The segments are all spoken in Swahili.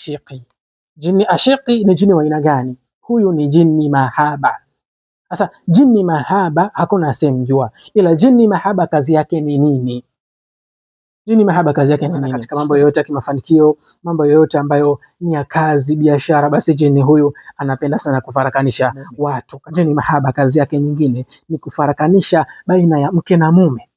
ashiqi. Jini ashiqi ni jini wa aina gani? Huyu ni jini mahaba. Sasa jini mahaba hakuna asemjua, ila jini mahaba kazi yake ni nini? Jini mahaba kazi yake ni nini? Katika mambo yote ya kimafanikio, mambo yote ambayo ni ya kazi, biashara, basi jini huyu anapenda sana kufarakanisha mm. watu. Jini mahaba kazi yake nyingine ni kufarakanisha baina ya mke na mume,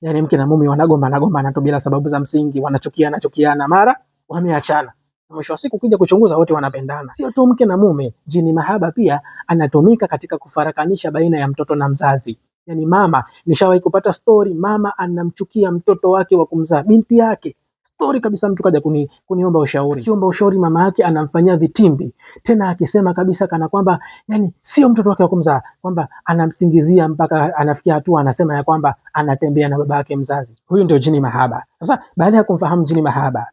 yaani mke na mume wanagombana gombana tu bila sababu za msingi, wanachukiana chukiana, mara wameachana mwisho wa siku kuja kuchunguza wote wanapendana. Sio tu mke na mume, jini mahaba pia anatumika katika kufarakanisha baina ya mtoto na mzazi. Yani mama, nishawahi kupata stori, mama anamchukia mtoto wake wa kumzaa, binti yake stori kabisa. Mtu kaja kuni, kuniomba ushauri, kiomba ushauri, mama yake anamfanyia vitimbi, tena akisema kabisa kana kwamba yani sio mtoto wake wa kumzaa, kwamba anamsingizia mpaka anafikia hatua anasema ya kwamba anatembea na baba yake mzazi. Huyu ndio jini mahaba. Sasa baada ya kumfahamu jini mahaba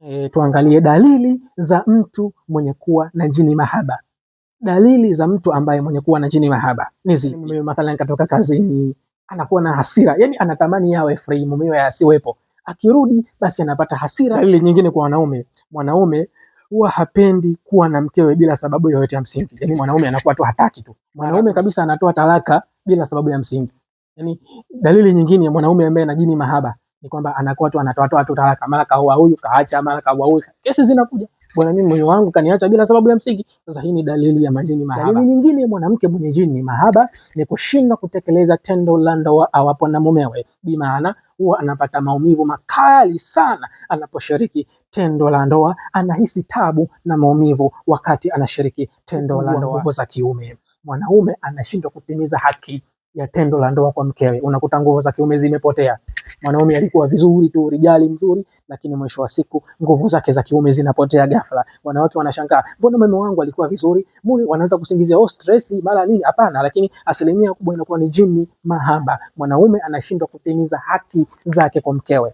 E, tuangalie dalili za mtu mwenye kuwa na jini mahaba. Dalili za mtu ambaye mwenye kuwa na jini mahaba ni zipi? Mm. Mathalan, katoka kazini, anakuwa na hasira, yani anatamani yawe free, mumewe asiwepo, akirudi basi anapata hasira. Dalili nyingine kwa wanaume, mwanaume huwa hapendi kuwa na mkewe bila sababu yoyote ya msingi, yani mwanaume anakuwa tu hataki tu, mwanaume kabisa anatoa talaka bila sababu ya msingi. Yani dalili nyingine ya mwanaume ambaye ana jini mahaba ni kwamba anakuwa tu anatoa toa tu talaka, mara kaoa huyu kaacha, mara kaoa huyu, kesi zinakuja, bwana, mimi mume wangu kaniacha bila sababu ya msingi. Sasa hii ni dalili ya majini mahaba. Dalili nyingine mwanamke mwenye jini mahaba ni kushindwa kutekeleza tendo la ndoa awapo na mumewe, bi maana huwa anapata maumivu makali sana anaposhiriki tendo la ndoa, anahisi tabu na maumivu wakati anashiriki tendo la ndoa. Nguvu za kiume, mwanaume anashindwa kutimiza haki ya tendo la ndoa kwa mkewe, unakuta nguvu za kiume zimepotea. Mwanaume alikuwa vizuri tu, rijali mzuri, lakini mwisho wa siku nguvu zake za kiume zinapotea ghafla. Wanawake wanashangaa, mbona mume wangu alikuwa vizuri? Mume wanaanza kusingizia oh, stress mara nini. Hapana, lakini asilimia kubwa inakuwa ni jini mahaba. Mwanaume anashindwa kutimiza haki zake kwa mkewe.